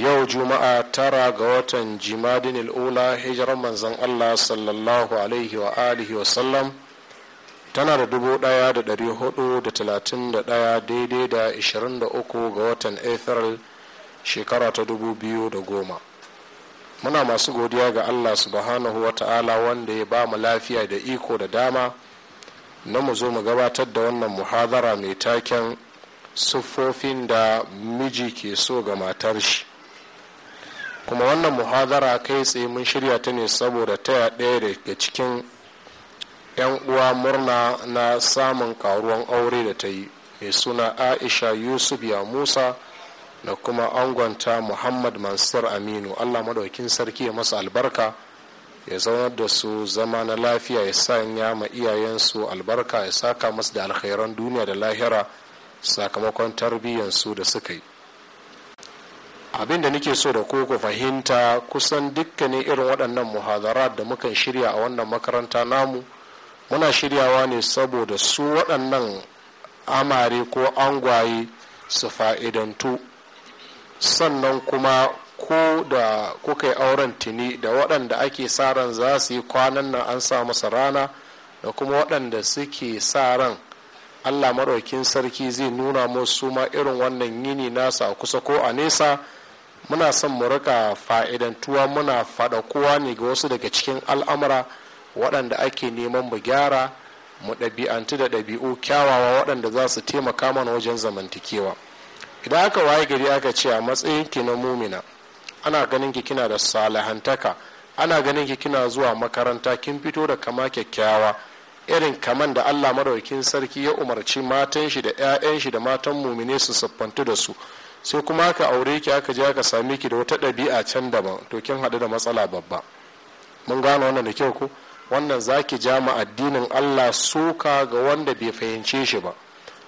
yau juma'a tara ga watan jimadin al'ula hijirar manzan allah sallallahu alaihi wa alihi wa sallam tana da dubu daya da dari hudu da talatin da daya daidai da ishirin da uku ga watan april shekara ta dubu biyu da goma muna masu godiya ga allah subhanahu wa ta'ala wanda ya ba mu lafiya da iko da dama na mu zo mu gabatar da wannan muhadara mai taken siffofin da miji ke so ga matar shi kuma wannan muhadara kai tsaye mun shirya ta ne saboda taya ɗaya daga cikin 'yan uwa murna na samun karuwan aure da ta yi mai suna aisha yusuf ya musa da kuma angonta muhammad mansur aminu allah maɗaukin sarki ya masa albarka ya zaunar da su zama na lafiya ya sanya ma iyayensu albarka ya saka masu da alkhairan duniya da lahira sakamakon tarbiyyansu da suka yi abin da nake so da ku ku fahimta kusan dukkanin irin waɗannan muhadarat da mukan shirya a wannan makaranta namu muna shiryawa ne saboda su waɗannan amare ko angwaye su fa'idantu sannan kuma ko da kuka yi auren tuni da waɗanda ake sa ran za su yi kwanan nan an sa masa rana da kuma waɗanda suke sa ran allah maɗaukin sarki zai nuna musu ma irin wannan yini nasa a kusa ko a nesa muna son mu rika fa'idantuwa muna faɗa kowa ne ga wasu daga cikin al'amura waɗanda ake neman mu gyara mu ɗabi'antu da ɗabi'u kyawawa waɗanda za su taimaka mana wajen zamantakewa idan aka waye gari aka ce a matsayin ki na mumina ana ganin ki kina da salahantaka ana ganin ki kina zuwa makaranta kin fito da kama kyakkyawa irin kaman da allah madaukin sarki ya umarci matan shi da 'ya'yan shi da matan mumine su siffantu da su sai kuma ka aure ki aka je aka same ki da wata ɗabi'a can daban to kin haɗu da matsala babba mun gane wannan da kyau ko wannan zaki ja ma addinin Allah suka ga wanda bai fahimce shi ba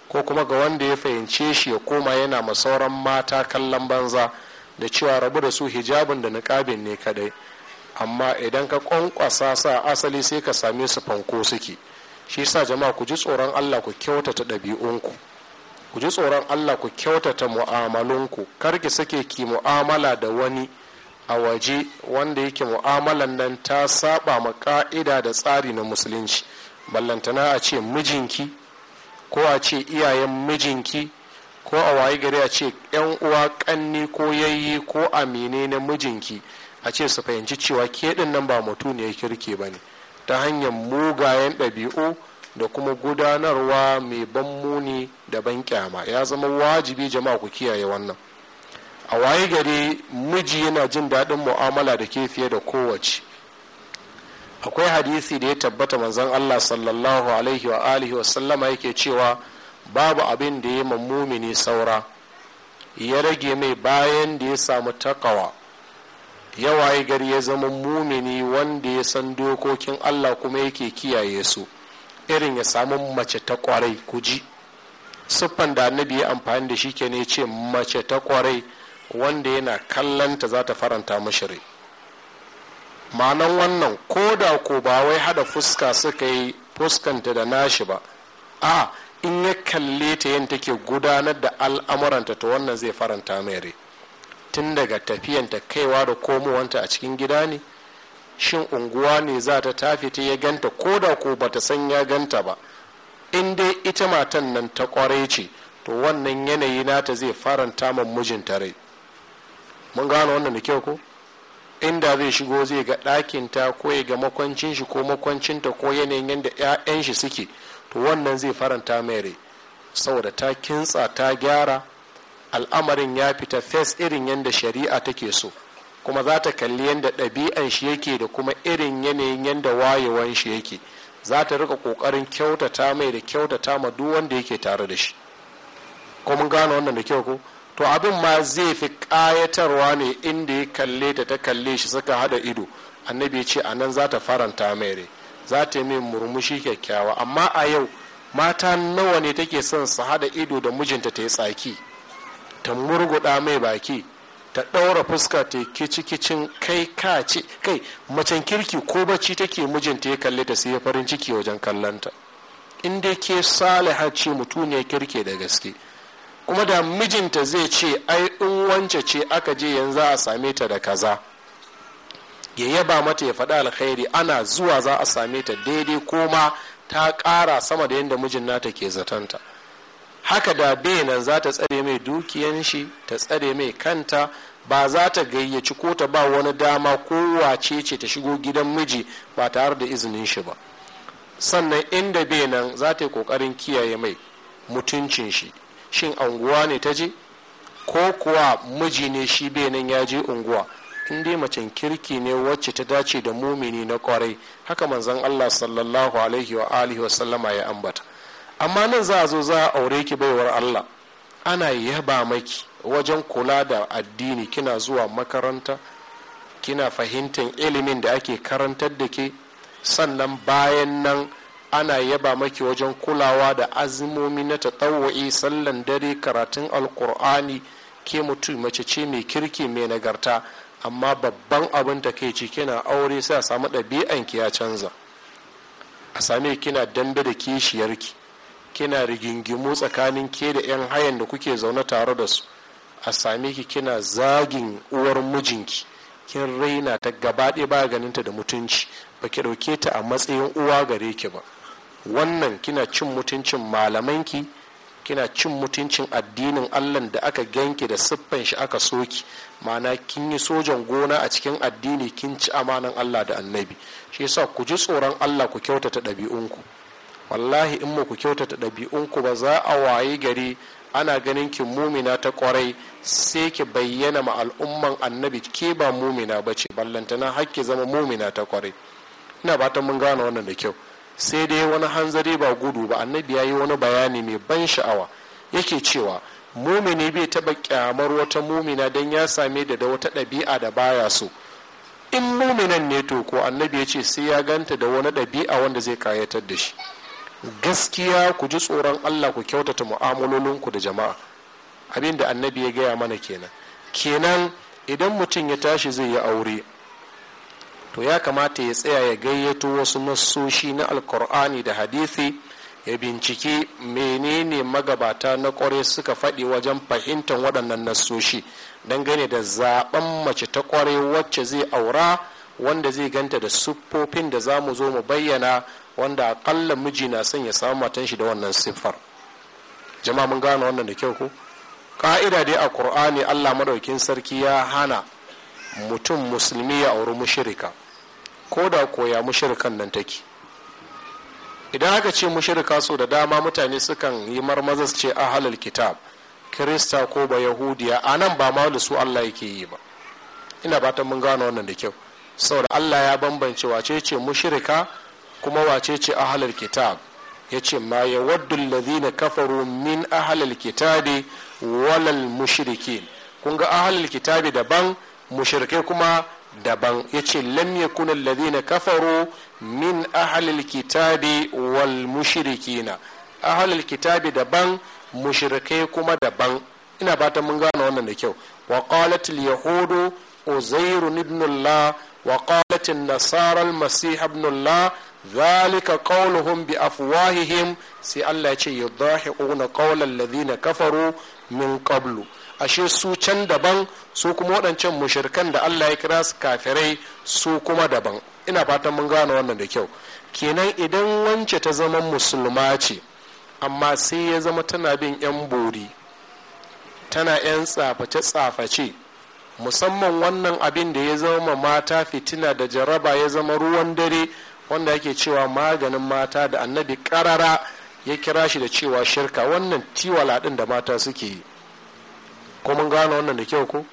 ko kuma ga wanda ya fahimce shi ya koma yana ma sauran mata kallon banza da cewa rabu da su hijabin da niƙabin ne kadai amma idan ka kwankwasa sa asali sai ka same su fanko suke shi sa jama'a ku ji tsoron Allah ku kyautata ɗabi'unku ku ji tsoron allah ku kyautata mu'amalunku kar ki sake ki mu'amala da wani a waje wanda yake mu'amalan nan ta saba ma ka'ida da tsari na musulunci ballantana a ce mijinki ko a ce iyayen mijinki ko a wayi gari a ce yan uwa kanni ko yayyi ko amine na mijinki a ce su fahimci cewa ke nan ba ne ya kirke ba ne ta hanyar mugayen ɗabi'u da kuma gudanarwa mai ban muni da ban kyama ya zama wajibi jama'a ku kiyaye wannan a waye gari miji yana jin daɗin mu'amala da ke fiye da kowace akwai hadisi da ya tabbata manzon allah sallallahu alaihi wa alihi wa sallama yake cewa babu abin da ya mummumini saura ya rage mai bayan da ya samu takawa ya waye gari ya zama mumini wanda ya san dokokin allah kuma yake kiyaye su irin ya samu mace ta kwarai ku ji siffan da annabi ya amfani da shi ke ne ce mace ta kwarai wanda yana kallanta za ta faranta mashi manan wannan ko da ko ba wai hada fuska suka yi fuskanta da nashi ba a in ya kalle ta yin take gudanar da al'amuranta ta wannan zai faranta mai tun daga tafiyanta kaiwa da komowanta a cikin gida ne shin unguwa ne za ta tafi ta ya ganta ko da ko ba ta san ya ganta ba in dai ita matan nan ta kware ce to wannan yanayi nata zai faranta man mijinta rai mun gano wannan da kyau ko inda zai shigo zai ga ɗakinta ko ya ga makwancin shi ko makwancinta ko yanayin yadda 'ya'yan shi suke to wannan zai faranta mai rai saboda ta kintsa ta gyara al'amarin ya fita fes irin yadda shari'a take so kuma za ta kalli yadda ɗabi'an shi yake da kuma irin yanayin yadda wayewan shi yake za ta rika ƙoƙarin kyautata mai da kyautata ma duk wanda yake tare da shi ko mun gane wannan da kyau ko to abin ma zai fi ƙayatarwa ne inda ya kalle ta ta kalle shi suka haɗa ido annabi ce a nan za ta faranta mai rai za ta yi min murmushi kyakkyawa amma a yau mata nawa ne take son su haɗa ido da mijinta ta yi tsaki ta murguɗa mai baki ta ɗaura fuska ta kici kicin kai ka kai macen kirki ko bacci take mijinta ya kalle ta sai ya farin ciki wajen kallanta in dai ke saliha ce ya kirke da gaske kuma da mijinta zai ce ai in wance ce aka je yanzu a same ta da kaza ya yaba mata ya faɗa alkhairi ana zuwa za a same ta daidai ko ma ta ƙara sama da yadda mijin nata ke zatanta. ta haka da benin za ta tsare mai dukiyan shi ta tsare mai kanta ba za ta gayyaci ko ta ba wani dama ko wace ce ta shigo gidan miji ba tare da izinin shi ba sannan inda benin za ta yi kokarin kiyaye mai mutuncin shi shin anguwa ne ta je ko kuwa miji ne shi benin ya je unguwa in dai macen kirki ne wacce ta dace da mumini na kwarai haka manzon allah sallallahu alaihi wa alihi wa sallama ya ambata amma nan za a zo za a aure ki baiwar allah ana yaba maki wajen kula da addini kina zuwa makaranta kina fahimtar ilimin da ake karantar da ke sannan bayan nan ana yaba maki wajen kulawa da azumomi na taɗawa'i sallan dare karatun alkur'ani ke mutum mace ce mai kirki mai nagarta amma babban abin da kai ciki kina aure sai a samu ɗabi'an ki ya canza a same kina dambe da kishiyarki kina rigingimu tsakanin ke da 'yan hayan da kuke zaune tare da su a same ki kina zagin uwar mijinki kin raina ta gaba ɗaya ba ganinta da mutunci ba ki ɗauke ta a matsayin uwa gare ki ba wannan kina cin mutuncin malamanki kina cin mutuncin addinin allah da aka ganki da siffan shi aka soki ma'ana kin yi sojan gona a cikin addini kin ci amanan allah da annabi shi yasa ku ji tsoron allah ku kyautata ɗabi'unku wallahi in muku ku kyautata ɗabi'unku ba za a wayi gari ana ganin ki mumina ta kwarai sai ki bayyana ma al'umman annabi ke ba mumina ba ce ballantana hakki zama mumina ta kwarai ina batan mun gane wannan da kyau sai dai wani hanzari ba gudu ba annabi ya yi wani bayani mai ban sha'awa yake cewa mumini bai taba kyamar wata mumina don ya same da wata ɗabi'a da baya so in muminan ne to ko annabi ya ce sai ya ganta da wani ɗabi'a wanda zai kayatar da shi gaskiya ku ji tsoron allah ku kyautata mu'amalolinku da jama'a abin da annabi ya gaya mana kenan kenan idan mutum ya tashi zai yi aure to ya kamata ya tsaya ya gayyato wasu nassoshi na alkur'ani da hadithi ya bincike menene magabata na kware suka faɗi wajen fahimtar waɗannan nassoshi dangane da zaben mace ta kware wacce zai aura wanda zai ganta da siffofin da za mu zo mu bayyana wanda akalla miji na son ya samu matan shi da wannan siffar jama'a mun gane wannan da kyau ko ka'ida dai a qur'ani allah madaukin sarki ya hana mutum musulmi ya auri mushirika ko da koya mushirikan nan take idan aka ce mushirika so da dama mutane sukan yi marmaza su ce ahalul kitab kirista ko ba yahudiya a nan ba ma su allah yake yi ba ina ta mun gane wannan da kyau saboda allah ya bambance wace ce mushirika kuma wace ce ahalar kitab ya ce ma ya waddun lazina kafaru min ahalar kitabi walal mushiriki? kun ga ahalar kitabi daban mushrikai kuma daban ya ce lam yakun alladhina kafaru min ahlil kitabi wal mushrikina ahlil kitabi daban mushrikai kuma daban ina fatan mun gane wannan da kyau wa qalat al yahudu uzair ibn allah wa qalat an nasara al masih ibn allah zalika qawluhum bi afwahihim sai Allah ce yudahiquna qawlal ladina kafaru min qablu ashe su can daban su kuma waɗancan mushirkan da Allah ya kira su kafirai su kuma daban ina fatan mun gane wannan da kyau kenan idan wance ta zama musulma ce amma sai ya zama tana bin yan bori tana yan tsaface tsaface musamman wannan abin da ya zama mata fitina da jaraba ya zama ruwan dare wanda yake cewa maganin mata da annabi karara ya kira shi da cewa shirka wannan tiwala din da mata suke yi ko mun gane wannan da kyau ko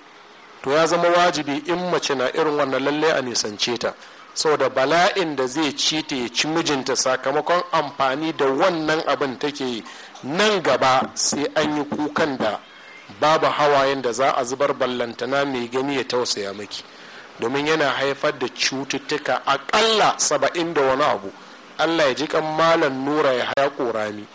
to ya zama wajibi in mace na irin wannan lalle a nisance ta saboda bala'in da zai ci ta ya ci mijinta sakamakon amfani da wannan abin take yi nan gaba sai an yi kukan da babu hawayen da za a zubar ballantana mai gani ya tausaya maki domin yana haifar da cututtuka aƙalla saba'in da wani abu allah ya ji kan malam nura ya haya ƙorami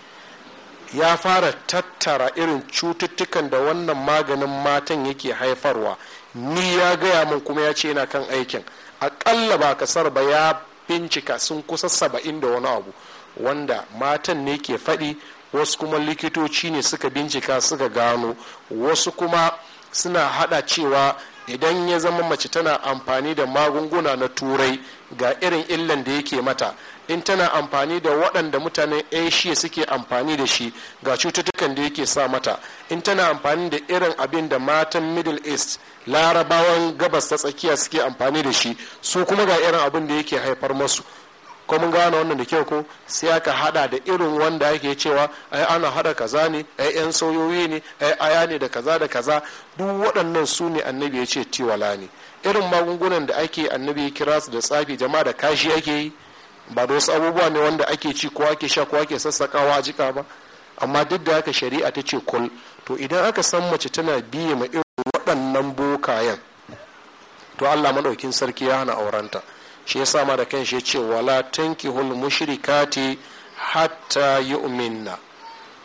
ya fara tattara irin cututtukan da wannan maganin matan yake haifarwa ni ya gaya min kuma ya ce yana kan aikin aƙalla ba kasar ba ya bincika sun kusa saba'in da wani abu wanda matan ne ke faɗi wasu kuma likitoci ne suka bincika suka gano wasu kuma suna haɗa cewa idan ya zama mace tana amfani da magunguna na turai ga irin illan da yake mata in tana amfani da waɗanda mutanen asia suke amfani da shi ga cututtukan da yake sa mata in tana amfani da irin abin da matan middle east larabawan gabas ta tsakiya suke amfani da shi su kuma ga irin abin da yake haifar masu ko mun gane wannan da kyau ko sai aka hada da irin wanda ake cewa ai ana hada kaza ne ai yan sauyoyi ne ai aya ne da kaza da kaza duk waɗannan su ne annabi ya ce tiwala ne irin magungunan da ake annabi ya kira su da tsafi jama'a da kashi ake yi ba da wasu abubuwa ne wanda ake ci ko ake sha ko ake sassakawa a jika ba amma duk da haka shari'a ta ce kul to idan aka san mace tana biye ma irin waɗannan bokayen to allah maɗaukin sarki ya hana aurenta shi ya sama da kan shi ya ce wala tankihul mushrikati hatta yu'minna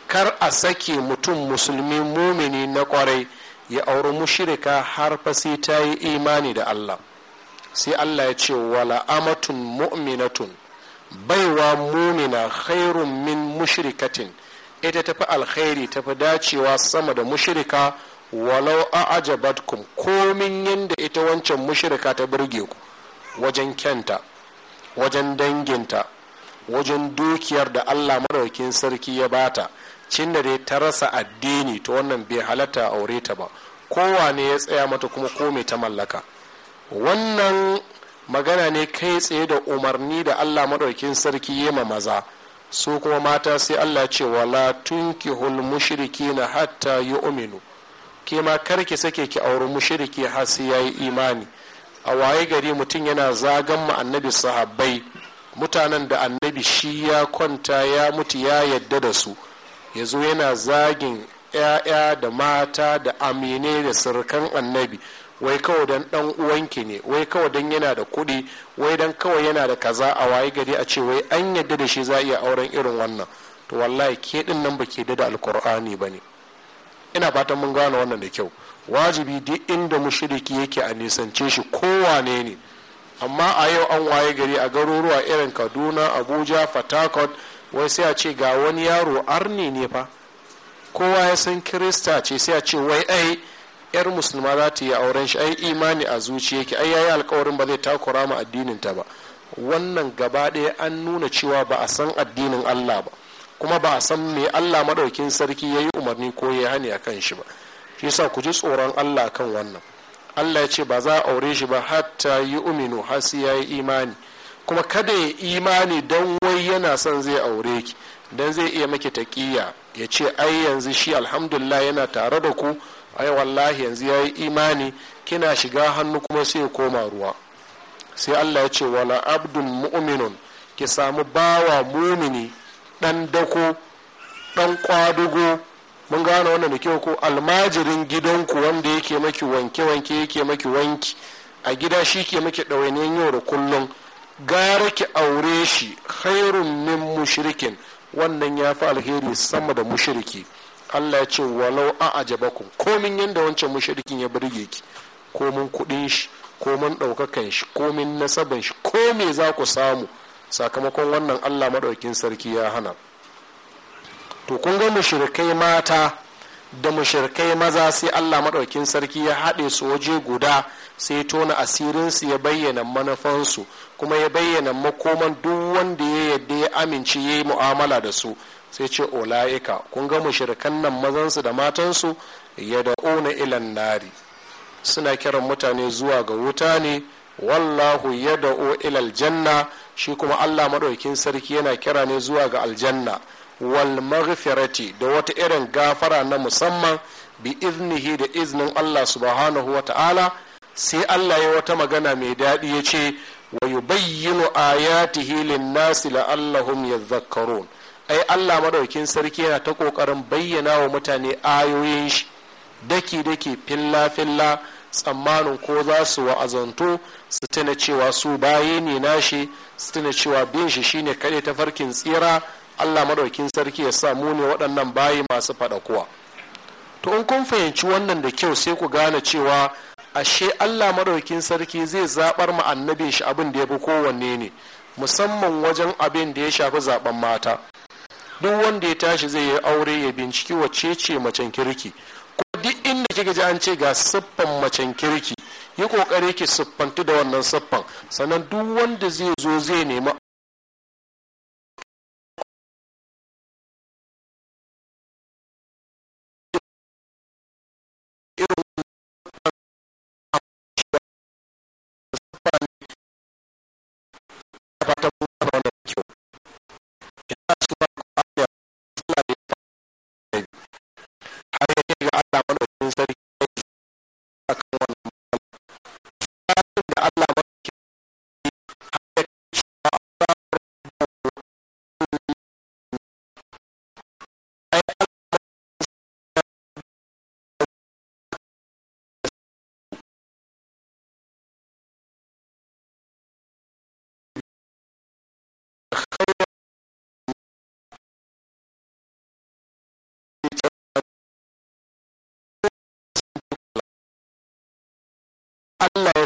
kar a sake mutum musulmi mumini na kwarai ya auri mushrika har fa sai ta yi imani da Allah sai Allah ya ce wala amatun mu'minatun baiwa mumina khairun min mushrikatin ita tafi alkhairi tafi dacewa sama da mushrika walau a ajabatkum komin yadda ita wancan mushrika ta burge ku wajen kyanta wajen danginta wajen dukiyar da allah maɗaukin sarki ya bata cin da dai ta rasa addini ta wannan bai halatta aure ta ba kowane ya tsaya mata kuma kome ta mallaka wannan magana ne kai tsaye da umarni da allah maɗaukin sarki ya ma maza su kuma mata sai allah ce wala hul mushriki na hatta yi uminu ke ma karki sake ki auri mushriki har sai yi imani a waye gari mutum yana zagan ma annabi sahabbai mutanen da annabi shi ya kwanta ya mutu ya yadda da su ya zo yana zagin 'ya'ya da mata da amine da sirkan annabi wai kawai don dan uwanki ne wai kawai don yana da kuɗi wai don kawai yana da kaza a waye gari a ce wai an yadda da shi za iya auren irin wannan to wallahi ke din nan ke da alkur'ani ba ne ina fatan mun gane wannan da kyau wajibi duk inda mushriki yake a nisance shi kowane ne amma a yau an waye gari a garuruwa irin kaduna abuja fatakot wai sai a ce ga wani yaro arni ne fa kowa ya san kirista ce sai a ce wai ai yar musulma za ta yi auren shi ai imani a zuciya yake ai yayi alkawarin ba zai takura ma addinin ta ba wannan gaba ɗaya an nuna cewa ba a san addinin allah ba kuma ba a san me allah maɗaukin sarki ya yi umarni ko ya hani a kan shi ba shi yasa ku ji tsoron Allah kan wannan Allah ya ce ba za a aure shi ba hatta yi uminu har sai ya yi imani kuma kada ya imani don wai yana son zai aure ki don zai iya maki taƙiyya ya ce ai yanzu shi alhamdulillah yana tare da ku ai wallahi yanzu ya yi imani kina shiga hannu kuma sai ya koma ruwa sai allah ya ce wala abdul mu'minun ki samu bawa mumini dan dako dan kwadugo mun gane wannan da kyau ko almajirin gidanku wanda yake maki wanke-wanke yake maki wanki a gida shi ke maki ɗawainiyar yau da kullum gara ki aure shi khairun min mushrikin wannan ya fi alheri sama da mushriki allah ya ce walau a ajabakum komin yadda wancan mushrikin ya birge ki komin kuɗin shi komin ɗaukakan shi komin nasaban shi ko me za ku samu sakamakon wannan allah maɗaukin sarki ya hana to kun ga mushrikai mata da mushrikai maza sai allah maɗaukin sarki ya haɗe su waje guda sai tona asirinsu ya bayyana manufansu kuma ya bayyana makoman duk wanda ya yadda ya amince ya yi mu'amala da su sai ce ola'ika kun ga mushrikan nan mazansu da matansu ya na ilan nari suna kiran mutane zuwa ga wuta ne wallahu ya da'o ilal janna shi kuma allah maɗaukin sarki yana kira ne zuwa ga aljanna wal maghfirati da wata irin gafara na musamman bi iznihi da iznin Allah subhanahu wa ta'ala sai Allah ya wata magana mai daɗi ya ce wa yubayyinu ayatihi lin-nasi la'allahum yadhakkarun ai Allah madaukin sarki yana ta kokarin bayyana wa mutane ayoyin shi daki daki filla filla tsammanin ko za su wa'azanto su tuna cewa su baye ne nashi su tuna cewa bin shi shine kaɗai farkin tsira allah madaukin sarki ya sa mu ne waɗannan bayi masu faɗa kuwa to in kun fahimci wannan da kyau sai ku gane cewa ashe allah madaukin sarki zai zaɓar ma annabin shi abin da ya fi kowanne ne musamman wajen abin da ya shafi zaɓen mata duk wanda ya tashi zai yi aure ya binciki wacce ce macen kirki ko duk inda kika ji an ce ga siffan macen kirki yi kokari ki siffantu da wannan siffan sannan duk wanda zai zo zai nemi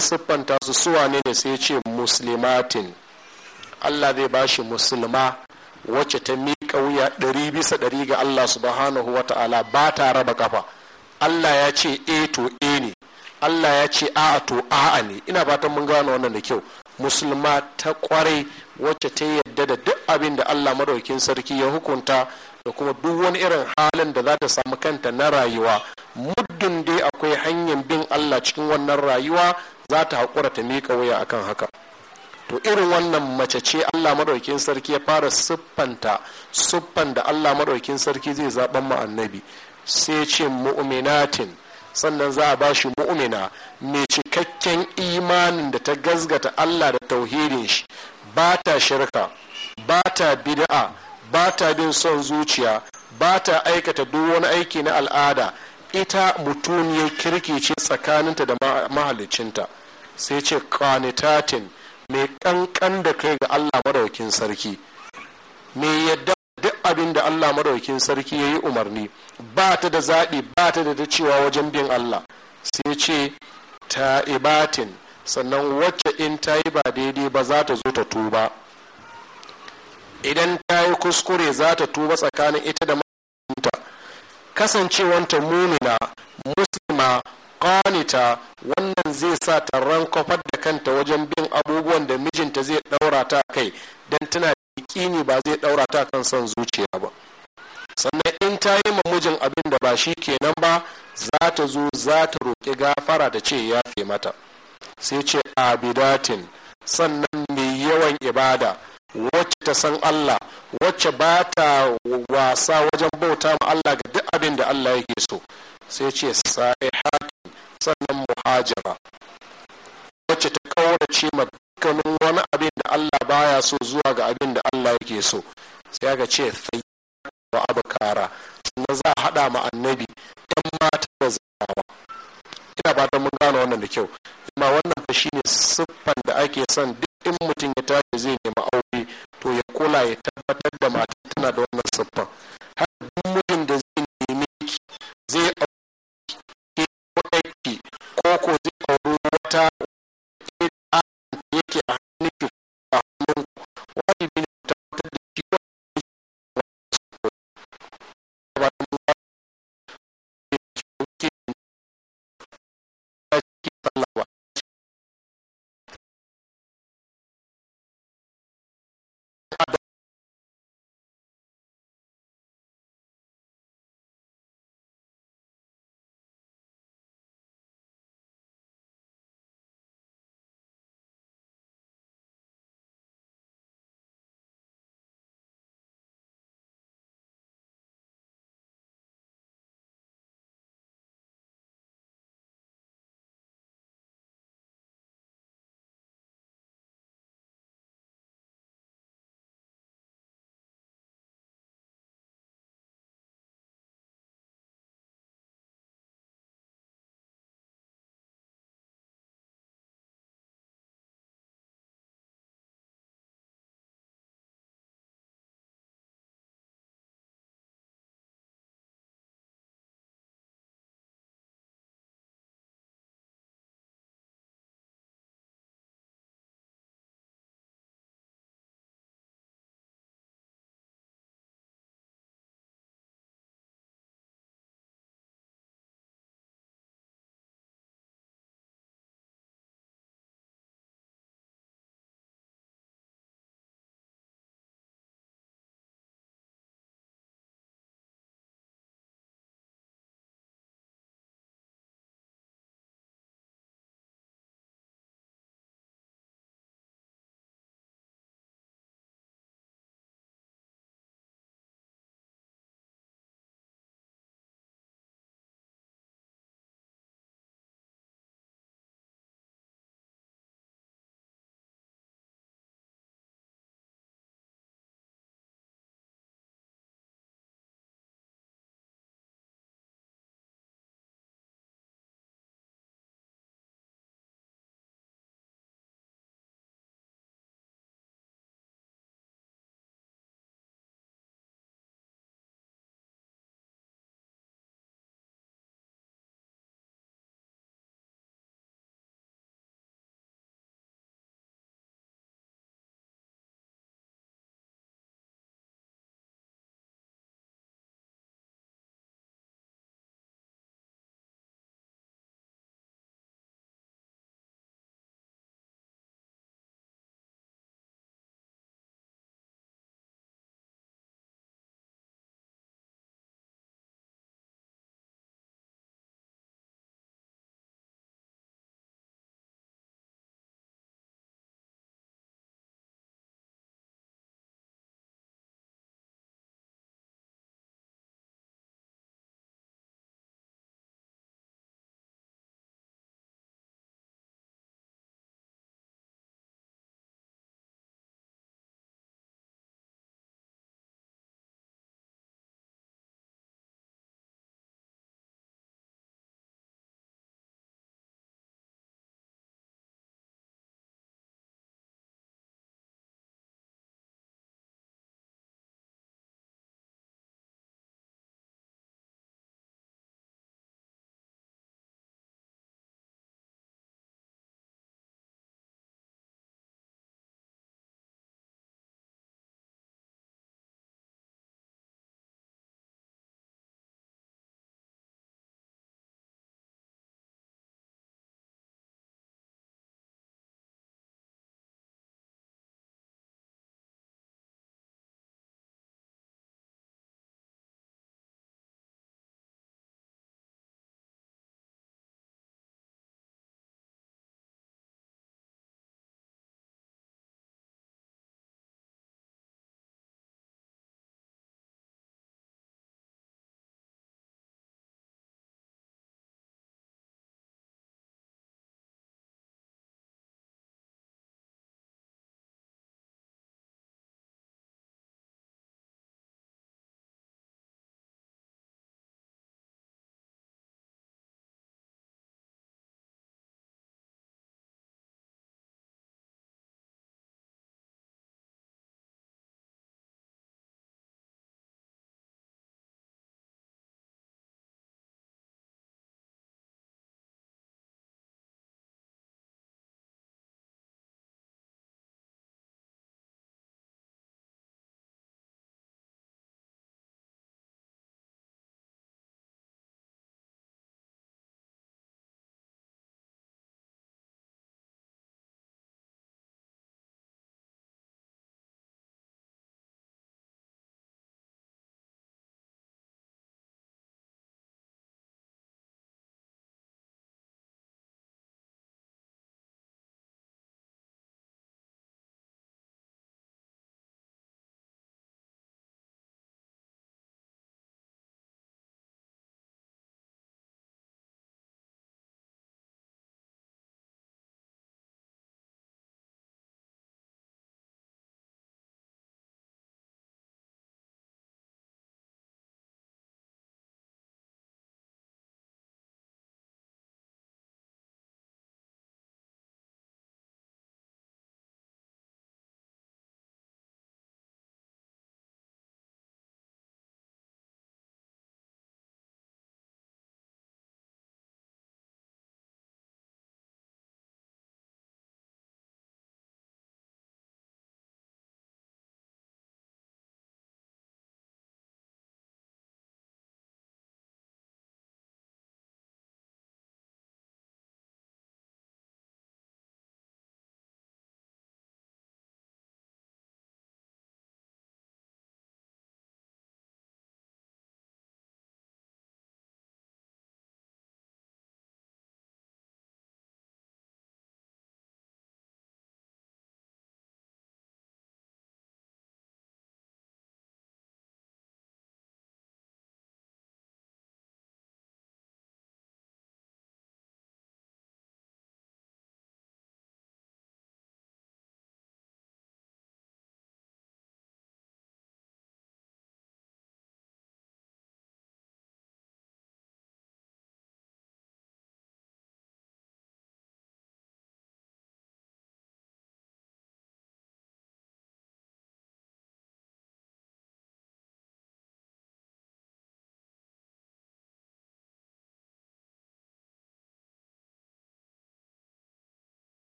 ya siffanta su suwa ne ne sai ce muslimatin allah zai ba shi musulma wacce ta miƙa wuya ɗari bisa ɗari ga allah subhanahu wa ta'ala ba ta raba kafa allah ya ce e to e ne allah ya ce a'a to a'a ne ina fatan mun gano wannan da kyau musulma ta kwarai wacce ta yadda da duk abin da allah madaukin sarki ya hukunta da kuma duk wani irin halin da za ta samu kanta na rayuwa muddin dai akwai hanyar bin allah cikin wannan rayuwa za ta haƙura ta miƙa wuya akan haka to irin wannan mace ce allah maɗaukin sarki ya fara siffanta siffan da allah maɗaukin sarki zai zaɓen ma annabi sai ce mu'minatin sannan za a ba shi mu'mina mai cikakken imanin da ta gazgata allah da tauhirin shi ba ta shirka ba ta bida'a ba ta bin son zuciya ba ta aikata duk wani aiki na al'ada ita mutuniyar kirki ce tsakaninta da mahalicinta sai ce kwanitatin mai kankan da kai ga Allah madaukin sarki mai yadda duk abin da Allah madaukin sarki ya yi umarni ba ta da zaɓi ba ta da dacewa cewa wajen bin Allah sai ce ta'ibatin sannan wacce in ta yi ba daidai ba za ta zo ta tuba idan ta yi kuskure za ta tuba tsakanin ita da mahaifinta kasancewanta mumina musulma qanita wannan zai sa ta rankofar da kanta wajen bin abubuwan da mijinta zai daura ta kai dan tana ne ba zai daura ta kan son zuciya ba sannan in ta yi ma mijin abin da ba shi kenan ba za ta zo za ta roƙi gafara da ce ya fi mata sai ce abidatin sannan mai yawan ibada wacce ta san Allah wacce ba ta wasa wajen bauta ma Allah ga duk abin da Allah yake so sai ce sa'ihat sannan muhajira wacce ta kaurace ma dukkanin wani abin da Allah baya so zuwa ga abin da Allah yake so sai aka ce wa abakara sannan za a haɗa ma annabi yan mata da zawa ina ba mun gane wannan da kyau amma wannan fa shine siffan da ake son duk in mutum ya tashi zai nemi aure to ya kula ya tabbatar da mata tana da wannan siffan time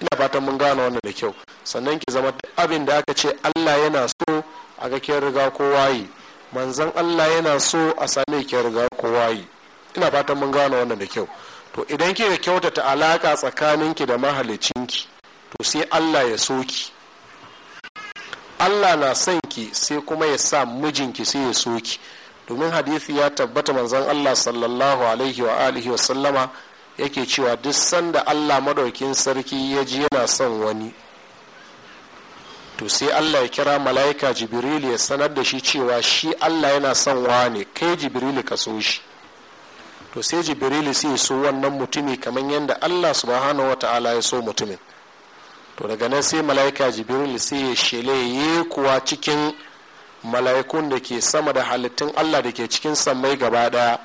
ina fatan mun gane wannan da kyau sannan ki zama abin da aka ce allah yana so a ga kin riga kowa yi manzon allah yana so a same kin riga kowa yi ina fatan mun gane wannan da kyau to idan kika kyautata alaka tsakaninki da mahalicinki to sai allah ya so ki allah na son ki sai kuma ya sa mijinki sai ya so ki domin hadisi ya tabbata manzon allah sallallahu alaihi wa alihi wa sallama yake cewa duk sanda allah madaukin sarki ya ji yana son wani to sai allah ya kira mala'ika jibrilu ya sanar da shi cewa shi allah yana son wani kai jibrilu ka so shi to sai jibrilu sai so wannan mutumi kamar yadda allah subhanahu wata'ala ya so mutumin to daga nan sai mala'ika jibrilu sai ya shele kuwa cikin mala'ikun da ke sama da halittun allah da ke cikin sammai gaba daya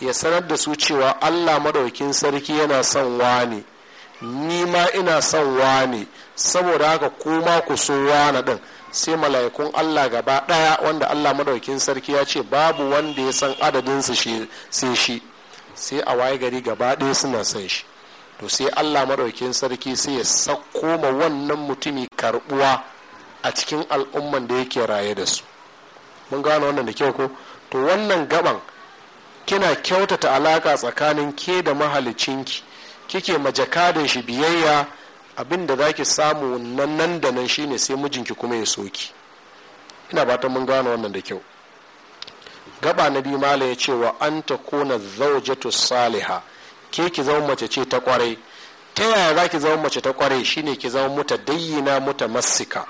ya sanar da su cewa allah madaukin sarki yana son wani ni ma ina son wani saboda haka kuma ku so wani din sai mala'ikun allah gaba daya wanda allah madaukin sarki ya ce babu wanda ya san su sai shi sai a waye gari gaba daya suna son shi to sai allah madaukin sarki sai ya sako ma wannan mutumi karbuwa a cikin al'umman da yake raye da su mun gane wannan da kyau ko to wannan gaban kina kyautata alaka tsakanin ke da mahalicinki kike majakadin shi biyayya abinda da zaki samu nan nan da nan shine sai mijinki kuma ya soki ina fatan mun gane wannan da kyau gaba na biyu mala ya ce wa an ta kona zaujatu saliha ke ki zama mace ce ta kwarai ta yaya za ki zama mace ta kwarai shine ki zama muta dayyina muta massika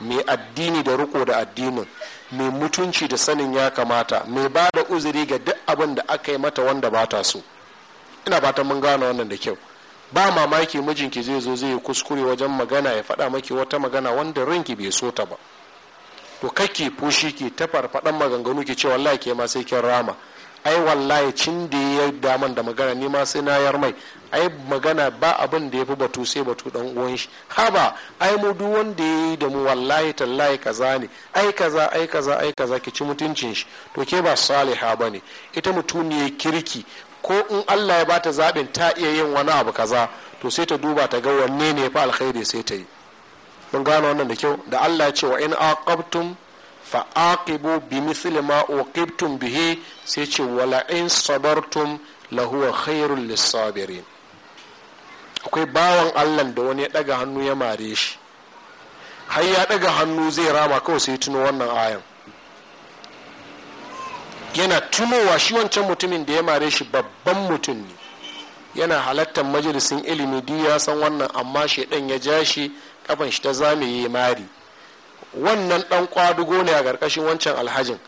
mai addini da riko da addinin mai mutunci da sanin ya kamata mai ba da uzuri ga duk abin da aka yi mata wanda ba ta so ina fatan mun gane wannan da kyau ba mamaki mijinki zai zo zai kuskure wajen magana ya faɗa maki wata magana wanda ranki bai so ta ba to kake fushi ki ta farfaɗan maganganu ki ce wallahi ke ma sai kin rama ai wallahi cin da ya daman da magana nima ma sai na yar mai ai magana ba abin da ya fi batu sai batu dan uwan shi haba ai mu duk wanda ya yi da mu wallahi tallahi kaza ne ai kaza ai kaza ai kaza ki ci mutuncin shi to ke ba saliha ba ne ita mutuniyar kirki ko in allah ya bata zaɓin ta iya yin wani abu kaza to sai ta duba ta ga wanne ne fa alkhairi sai ta yi mun gano wannan da kyau da allah ya ce wa in aqabtum fa'aqibu bi misli ma uqibtum bihi sai ce wala in sabartum huwa khairul lissabirin akwai bawan allah da wani ya daga hannu ya mare shi har ya daga hannu zai rama kawai sai tuno wannan ayan yana tunowa shi wancan mutumin da ya mare shi babban mutum ne yana halattar majalisin ilimi duk ya san wannan amma shaidan ya ja shi kafan shi ta zame ya mari wannan dan kwadugo ne a ƙarƙashin wancan alhajin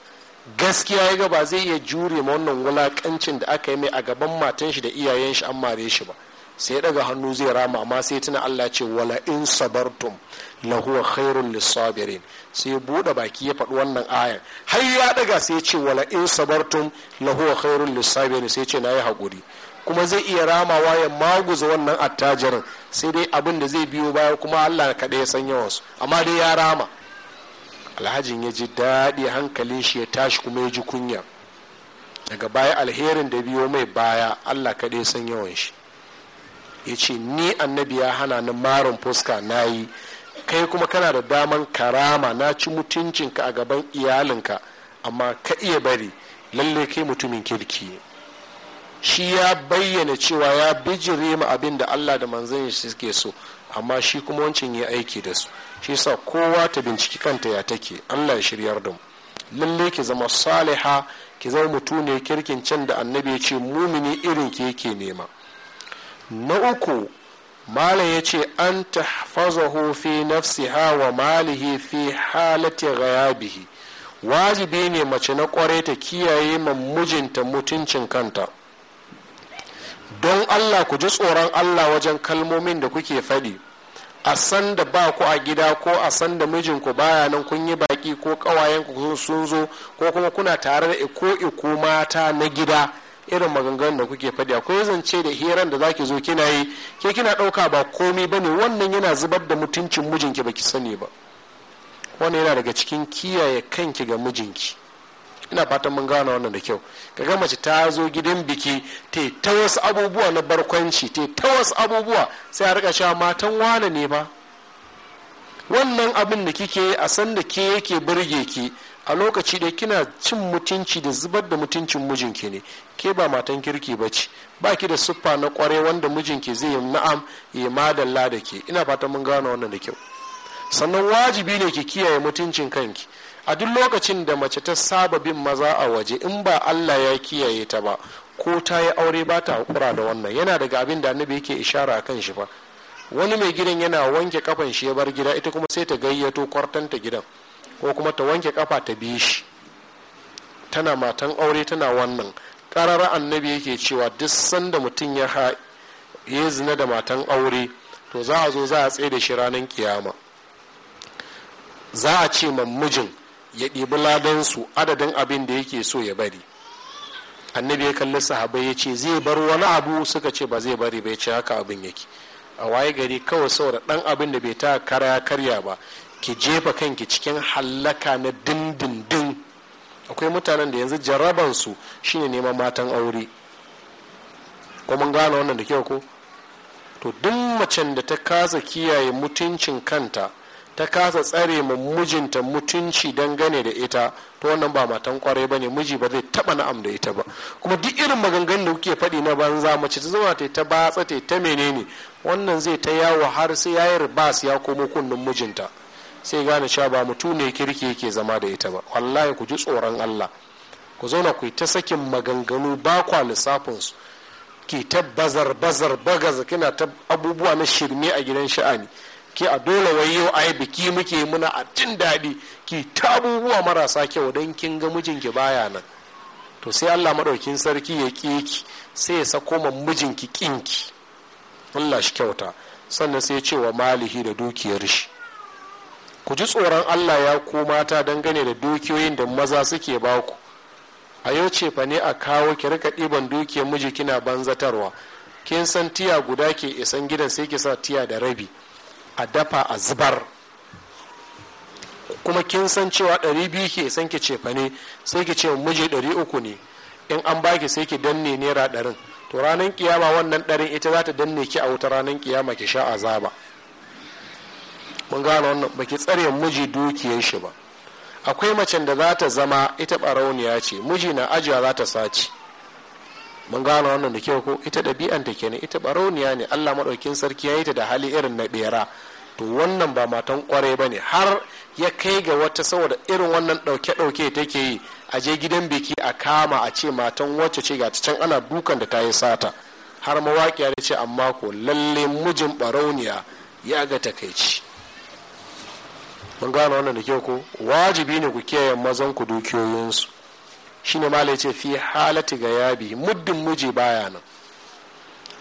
gaskiya ya ga ba zai iya jure ma wannan wulakancin da aka yi mai a gaban matan shi da iyayen shi an mare shi ba sai daga hannu zai rama amma sai tuna Allah ce wala in sabartum la huwa khairul lisabirin sai bude baki ya faɗi wannan ayan har ya daga sai ce wala in sabartum la huwa khairul lisabirin sai ce nayi hakuri kuma zai iya ramawa ya maguza wannan attajirin sai dai abin da zai biyo baya kuma Allah kaɗai ya san yawansu amma dai ya rama alhajin ya ji daɗi hankalin shi ya tashi kuma ya ji kunya daga baya alherin da biyo mai baya allah kaɗai san yawan shi ya ce ni annabi ya hana ni marin fuska na yi kai kuma kana da daman karama na ci mutuncinka a gaban iyalinka amma ka iya bari lalle kai mutumin kirki shi ya bayyana cewa ya bijire ma abin da allah da manzon shi suke so amma shi kuma wancan ya aiki da su shi sa kowa ta binciki kanta ya take allah ya shiryar da mu lalle ki zama saliha ki zama mutune kirkin can da annabi ya ce mumini irin ki yake nema na uku malam ya ce an tahfazahu fi nafsiha wa malihi fi halati ghayabihi wajibi ne mace na kware ta kiyaye ma mijinta mutuncin kanta don allah ku ji tsoron allah wajen kalmomin da kuke faɗi a san da ba ku a gida ko a san da mijinku baya nan kun yi baki ko ƙawayenku sun zo ko kuma kuna tare da iko iko mata na gida irin maganganun da kuke faɗi akwai zance da hiran da zaki zo kina yi ke kina ɗauka ba komai ba ne wannan yana zubar da mutuncin mijinki baki sani ba wannan yana daga cikin kiyaye kanki ga mijinki ina fatan mun gane wannan da kyau kaga mace ta zo gidan biki ta yi ta wasu abubuwa na barkwanci ta yi ta wasu abubuwa sai a rika cewa matan wane ne ba wannan abin da kike a san da ke yake burge ki a lokaci da kina cin mutunci da zubar da mutuncin mijinki ne ke ba matan kirki ba ce ba ki da siffa na kware wanda mijinki zai yi na'am ya madalla da ke ina fatan mun gane wannan da kyau sannan wajibi ne ki kiyaye mutuncin kanki a duk lokacin da mace ta saba bin maza a waje in ba allah ya kiyaye ta ba ko ta yi aure ba ta hakura da wannan yana daga abin da annabi yake ishara kan shi ba wani mai gidan yana wanke kafan shi ya bar gida ita kuma sai ta gayyato kwartanta gidan ko kuma ta wanke kafa ta bi shi tana matan aure tana wannan karara annabi yake cewa duk sanda mutum ya ha ya zina da matan aure to za a zo za a tsaye da shi ranar kiyama za a ce mamujin mijin ya ɗibi ladansu adadin abin da yake so ya bari annabi ya kalli sahabai ya ce zai bar wani abu suka ce ba zai bari bai ce haka abin yake a waye gari kawai saboda ɗan abin da bai ta kara karya ba ki jefa kanki cikin hallaka na dindindin akwai mutanen da yanzu jarabansu shine neman matan aure ko mun gane wannan da kyau ko to duk macen da ta kasa kiyaye mutuncin kanta ta kasa tsare ma mijinta mutunci dangane da ita ta wannan ba matan kwarai ba ne miji ba zai taba na'am da ita ba kuma duk irin maganganun da kuke faɗi na banza mace ta zama ta batsa ta ta menene wannan zai ta yawo har sai ya yi ribas ya komo kunnen mijinta sai gane cewa ba mutum ne kirki yake zama da ita ba wallahi ku ji tsoron Allah ku zauna ku yi ta sakin maganganu ba kwa lissafin su ki ta bazar bazar bagaza kina ta abubuwa na shirme a gidan sha'ani ke a dole wai yau ai biki muke muna a jin daɗi ki ta abubuwa marasa kyau don kin ga mijinki baya nan to sai allah maɗaukin sarki ya ƙi ki sai ya sako ma mijinki ƙinki allah shi kyauta sannan sai ce wa malihi da dukiyar shi ku ji tsoron allah ya ko mata dangane da dukiyoyin da maza suke baku a yau ce fa ne a kawo ki rika ɗiban dukiyar miji kina banzatarwa kin san tiya guda ke isan gidan sai ki sa tiya da rabi a dafa a zubar kuma kin san cewa ɗari biyu ke san ki cefa ne sai ki ce miji ɗari uku ne in an baki sai ki danne naira ɗarin to ranar kiyama wannan ɗarin ita za ta danne ki a wuta ranar kiyama ki sha azaba mun gane wannan baki tsare muji dukiyar shi ba akwai macen da za ta zama ita ɓarauniya ce miji na ajiya za ta sace mun gano wannan da kyau ko ita ɗabi'anta kenan ita barauniya ne allah maɗaukin sarki ya yi ta da hali irin na bera to wannan ba matan kwarai ba ne har ya kai ga wata saboda irin wannan ɗauke-ɗauke take yi a je gidan biki a kama a ce matan wacce ce ga can ana dukan da ta yi sata har mawaƙiya da ce amma ko lalle mijin barauniya ya ga takaici mun gano wannan da kyau ko wajibi ne ku kiyaye mazan ku dukiyoyinsu shine mala ya ce fi halati ga yabi muddin miji baya nan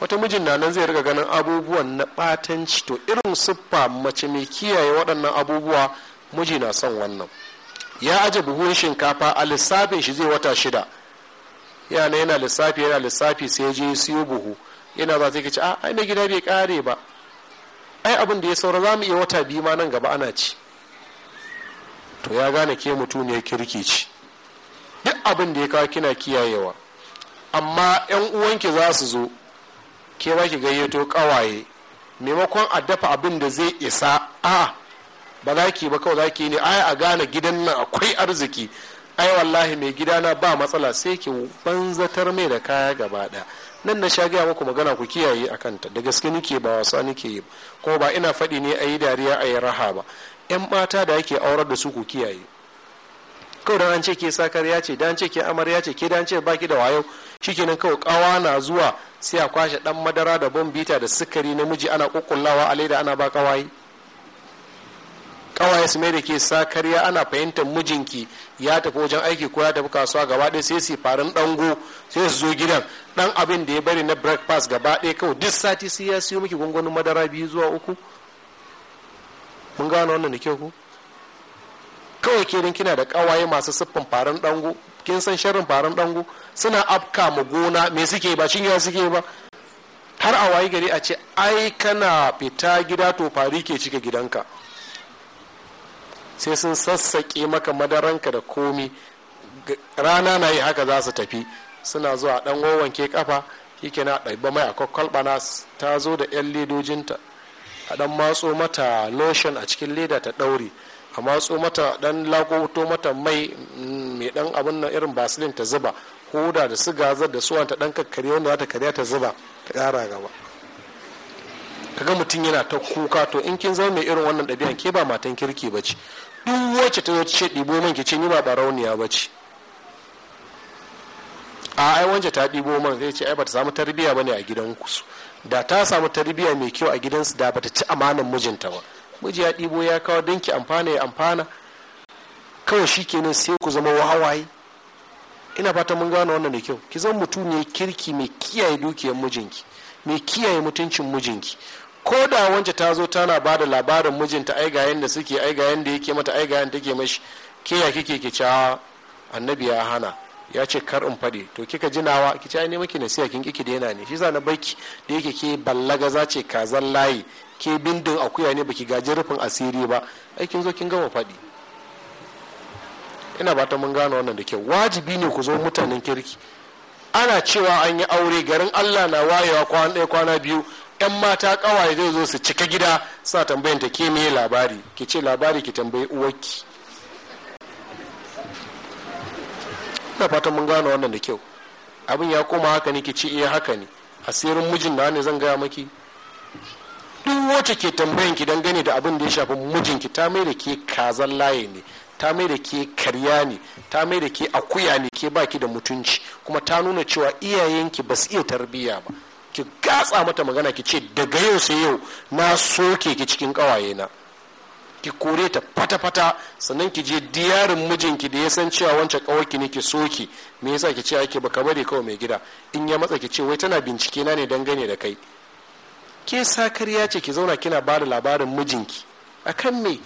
wata mijin na nan zai riga ganin abubuwan na batanci to irin siffa mace mai kiyaye waɗannan abubuwa miji na son wannan ya aje buhun shinkafa a lissafin shi zai wata shida yana yana lissafi yana lissafi sai je siyo buhu yana ba zai kace a ah, ai mai gida bai kare ba ai abin da ya saura za mu iya wata biyu ma nan gaba ana ci to ya gane ke ne kirki ce duk abin da ya kawo kina kiyayewa amma yan uwanki za su zo ke ba ki gayyato kawaye maimakon a dafa abin da zai isa a ba za ki ba kawai za ki ne ai a gane gidan nan akwai arziki ai wallahi mai gida na ba matsala sai ki banzatar mai da kaya gaba nan na sha gaya muku magana ku kiyaye a kanta da gaske nike ba wasa nike yi kuma ba ina faɗi ne a yi dariya a yi raha ba yan mata da ake aurar da su ku kiyaye kawai dan an ce ke ya ce dan ce ke amarya ce ke dan ce baki da wayo shikenan kawai kawa na zuwa sai a kwashe dan madara da bombita da sukari miji ana kokullawa a leda ana ba kawai Ƙawaye su mai da ke sakarya ana fahimtar mijinki ya tafi wajen aiki ko ya tafi kasuwa gaba ɗaya sai su farin dango sai su zo gidan dan abin da ya bari na breakfast gaba ɗaya kawai duk sati sai ya siyo miki gungunin madara biyu zuwa uku mun gano wannan da kyau ku kawai ke kina da kawaye masu siffin farin dango kin san sharrin farin dango suna afka mu gona me suke ba cinyewa suke ba har a wayi gari a ce ai kana fita gida to fari ke cika gidanka sai sun sassaƙe maka madaranka da komi rana na yi haka za su tafi suna zuwa dan wawanke kafa yake na ɗaiba mai a kwalbana ta zo da 'yan ledojinta a dan matso mata lotion a cikin leda ta ɗaure a matso mata dan lagoto mata mai mm, mai dan abin nan irin basilin ta zuba hoda da zar da suwan ta dan kakkare wanda za ta karya ta zuba ta kara gaba kaga mutum yana ta kuka to in kin zama mai irin wannan dabi'an ke ba matan kirki ba ce duk wacce ta zo ce dibo man ke ce ni ba barauniya bace a ai wanda ta dibo man zai ce ai ba ta samu tarbiyya ba ne a ku da ta samu tarbiyya mai kyau a gidansu da bata ci amanan mijinta ba miji ya ɗibo ya kawo don ki amfana ya amfana kawai shi kenan sai ku zama wawaye ina fata mun gane wannan da kyau ki zan mutum ne kirki mai kiyaye dukiyar mijinki mai kiyaye mutuncin mijinki ko da wance ta zo tana ba da labarin mijinta ai ga da suke ai ga yanda yake mata ai ga take mashi ke ya kike ki ca annabi ya hana ya ce kar in faɗi to kika jinawa ki ci ne maki nasiha kin kiki yana ne shi na baki da yake ke ballaga za ce kazan layi ke bindin akuya ne baki gaji rufin asiri ba aikin zo kin gama faɗi ina ba ta mun gane wannan da kyau wajibi ne ku zo mutanen kirki ana cewa an yi aure garin allah na wayewa kwana ɗaya kwana biyu yan mata ƙawaye zai zo su cika gida suna tambayan ta ke meye labari ki ce labari ki tambayi uwarki ina fatan mun gane wannan da kyau abin ya koma haka ne ki ce iya eh, haka ne asirin mijin na ne zan gaya maki duk wacce ke tambayan ki dangane da abin da ya shafi mijinki ta mai da ke kazan layi ne ta mai da ke karya ne ta mai da ke akuya ne ke baki da mutunci kuma ta nuna cewa iyayenki ba su iya tarbiyya ba ki gatsa mata magana ki ce daga yau sai yau na soke ki cikin kawaye na ki kore ta fata-fata sannan ki je diyarin mijinki da ya san cewa wancan kawarki ne ki soke me yasa ki ce ake baka bari kawai mai gida in ya matsa ki ce wai tana bincike na ne dangane da kai ke ya ce ki zauna kina ba da labarin mijinki akan me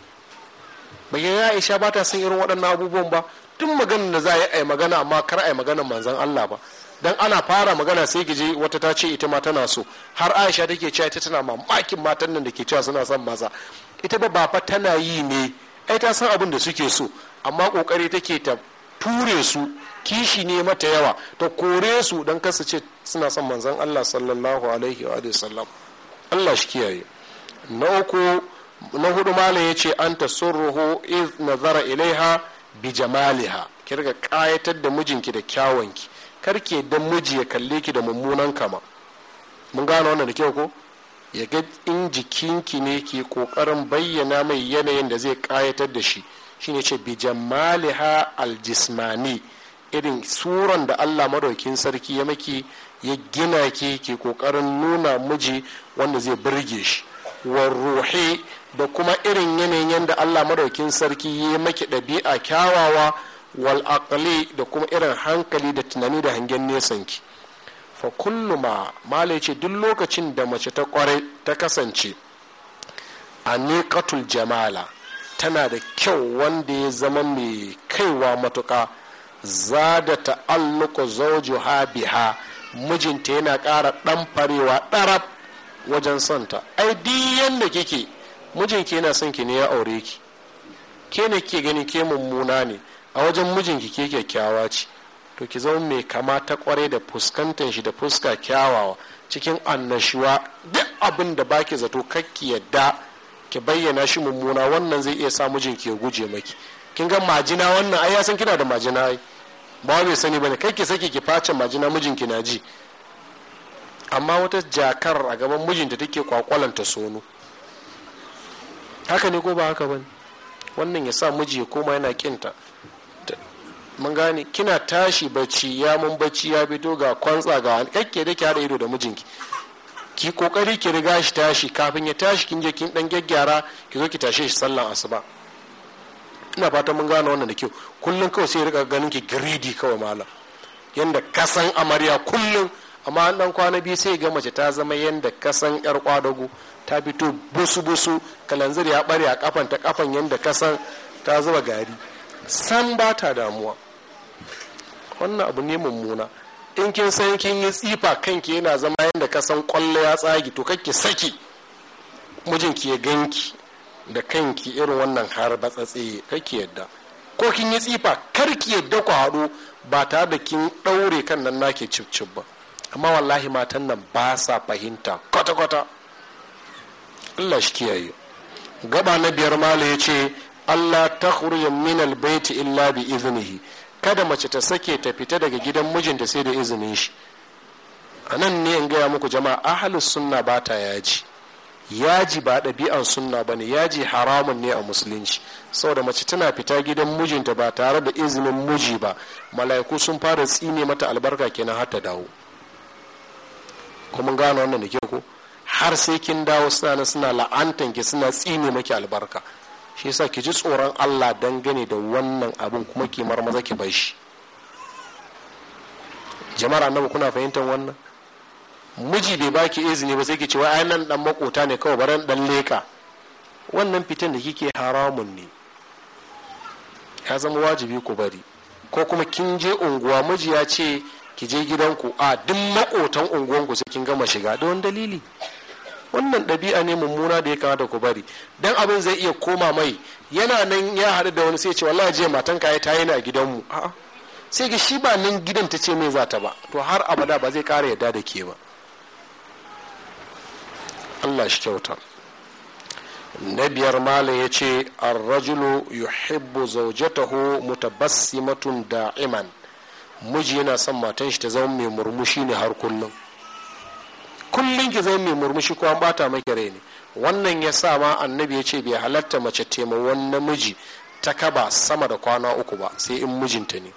bai ga Aisha ba ta san irin waɗannan abubuwan ba tun maganar da za a yi magana amma kar a yi maganar manzan Allah ba dan ana fara magana sai gije wata ta ce ita ma tana so har aisha take cewa ita tana mamakin matan nan da ke cewa suna son maza ita ba bafa tana yi ne ai ta san abin da suke so amma kokari take ta ture su kishi ne mata yawa ta kore su dan kasa ce suna son manzon Allah sallallahu alaihi wa sallam allah shi kiyaye na uku na hudu malam ya ce an tasurruhu iz nazara ilaiha bi jamaliha ki riga kayatar da mijinki da kyawanki kar ki dan miji ya kalle ki da mummunan kama mun gane wannan da kyau ko ya ga in jikinki ne ke kokarin bayyana mai yanayin da zai kayatar da shi shine ce bi jamaliha aljismani irin suran da Allah madaukin sarki ya maki ya gina ki ke kokarin nuna miji wanda zai birge shi wa ruhi da kuma irin yanayin yadda allah madaukin sarki ya maki ɗabi'a kyawawa wal aqli da kuma irin hankali da tunani da hangen nesanki. ki fa kullu ma mala ce duk lokacin da mace ta kwarai ta kasance aniqatul jamala tana da kyau wanda ya zama mai kaiwa matuka zada ta'alluqu zawjuha biha mijinta yana ƙara ɗan farewa ɗarab wajen santa ai duk yadda kike mijinki yana son ki ne ya aure ki ke ne ke gani ke mummuna ne a wajen mijinki ke kyakkyawa ce to ki zama mai kama ta kware da fuskantar shi da fuska kyawawa cikin annashuwa duk abin da baki zato kakki yadda ki bayyana shi mummuna wannan zai iya sa mijinki ya guje maki kin ga majina wannan ai ya san kina da majina ai ba bai sani bane kai ki saki ki face majina mijinki na ji amma wata jakar a gaban mijinta take kwakwalanta sono haka ne ko ba haka ba wannan ya sa miji ya koma yana kinta mun gane kina tashi bacci ya mun bacci ya fito ga kwantsa ga alƙakke da kyara ido da mijinki ki kokari ki riga shi tashi kafin ya tashi kin je kin dan gyaggyara ki zo ki tashe shi sallan asuba ina fata mun gane wannan da kyau kullum kawai sai rika ganin ki giridi kawai malam yanda kasan amarya kullum amma an dan kwana biyu sai ga mace ta zama yadda kasan yar kwadago ta fito busu busu kalanzir ya bare a kafan ta kafan yadda kasan ta zuba gari san ba ta damuwa wannan abu ne mummuna in kin san kin yi tsifa kanki yana zama yadda kasan kwallo ya tsagi to kake saki mijinki ya ganki da kanki irin wannan har batsatse kake yadda ko kin yi tsifa karki yadda ku haɗu ba tare da kin ɗaure kan nan nake cibcib ba amma wallahi matan nan ba sa fahimta kwata-kwata allah shi kiyaye gaba na biyar mala ya ce allah ta minal albaiti illa bi iznihi kada mace ta sake ta fita daga gidan mijinta sai da izinin shi a nan ne in gaya muku jama'a ahalus sunna ba ta yaji yaji ba ɗabi'an sunna ba ne yaji haramun ne a musulunci saboda mace tana fita gidan mijinta ba tare da izinin miji ba mala'iku sun fara tsine mata albarka kenan har ta dawo ko mun wannan da ke ko har sai kin dawo suna na suna la'antan ki suna tsine maki albarka shi yasa ki ji tsoron Allah dangane da wannan abin kuma ki marmaza ki bar shi jama'ar annabi kuna fahimtar wannan miji bai baki izini ba sai ki ce wai nan dan makota ne kawai baran dan leka wannan fitan da kike haramun ne ya zama wajibi ku bari ko kuma kin je unguwa miji ya ce ki je gidanku a duk makotan unguwanku sai kin gama shiga da wani dalili wannan ɗabi'a ne mummuna da ya kamata ku bari dan abin zai iya koma mai yana nan ya haɗu da wani sai ce wallahi je matan ka ta yana a gidanmu a'a sai ga shi ba nan gidan ta ce mai zata ba to har abada ba zai ƙara yarda da ke ba Allah shi kyauta na biyar mala ya ce arrajulu yuhibbu zaujatahu mutabassimatun da'iman miji yana son matan shi ta zama mai murmushi ne har kullum kullum ki zama mai murmushi ko an bata maki rai ne wannan ya sa ma annabi ya ce bai halatta mace wannan namiji ta kaba sama da kwana uku ba sai in mijinta ne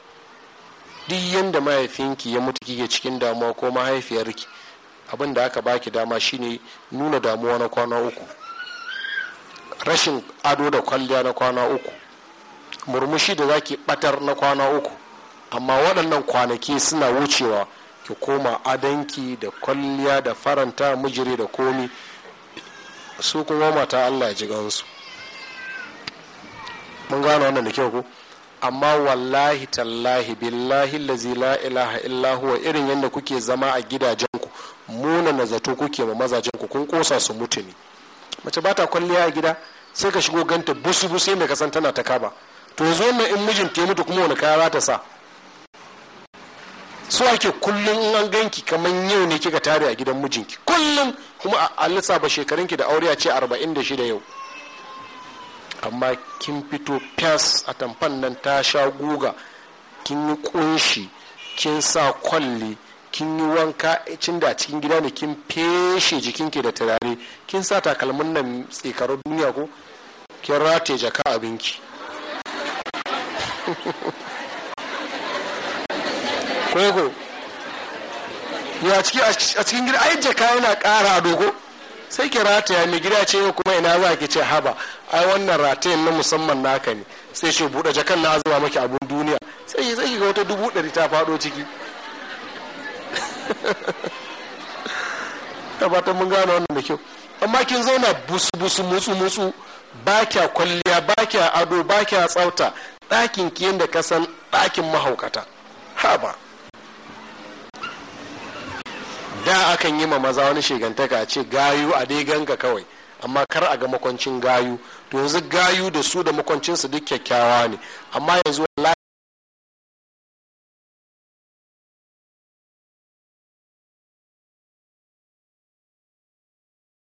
duk yadda mahaifinki ya mutu kike cikin damuwa ko mahaifiyarki abin da aka baki dama shine nuna damuwa na kwana uku rashin ado da kwalliya na kwana uku murmushi da zaki batar na kwana uku amma waɗannan kwanaki suna wucewa ki koma adanki da kwalliya da faranta mijiri da komi su kuma mata allah ya ji gansu mun gano wannan da kyau ko amma wallahi tallahi billahi lazi la ilaha illa huwa irin yadda kuke zama a gidajenku muna na zato kuke ma mazajenku kun kosa su mutu ne mace ba ta kwalliya a gida sai ka shigo ganta busu busu mai kasan tana ta kaba to yanzu wannan in mijinta ya mutu kuma wani kaya za ta sa su ake kullum in an ganki kamar yau ne kika tare a gidan mijinki kullum kuma a lissafa shekarunki da aure a ce 46 yau amma kin fito fias a tamfan nan ta sha guga kin yi kunshi kin sa kwalli kin yi wanka eh, cin da cikin gida ne kin feshe jikinki da turare kin sa takalmin nan tsekarar duniya ko kin rataye jaka abinki koko ya ciki a cikin gida ai jaka yana kara dogo sai ki rataya mai gida ce kuma ina za ki ce haba ai wannan ratayin na musamman naka ne sai ce bude jakan na zuba maki abun duniya sai ki sai ga wata dubu ɗari ta faɗo ciki tabbatar mun gane wannan da kyau amma kin zauna busu busu musu mutsu ba kya kwalliya ba kya ado ba kya tsafta ɗakin ki yadda ka san ɗakin mahaukata haba da akan yi ma maza wani shigantaka a ce gayu a dai ganga kawai amma kar a ga makwancin gayu to yanzu gayu da su da makwancinsu duk kyakkyawa ne amma yanzu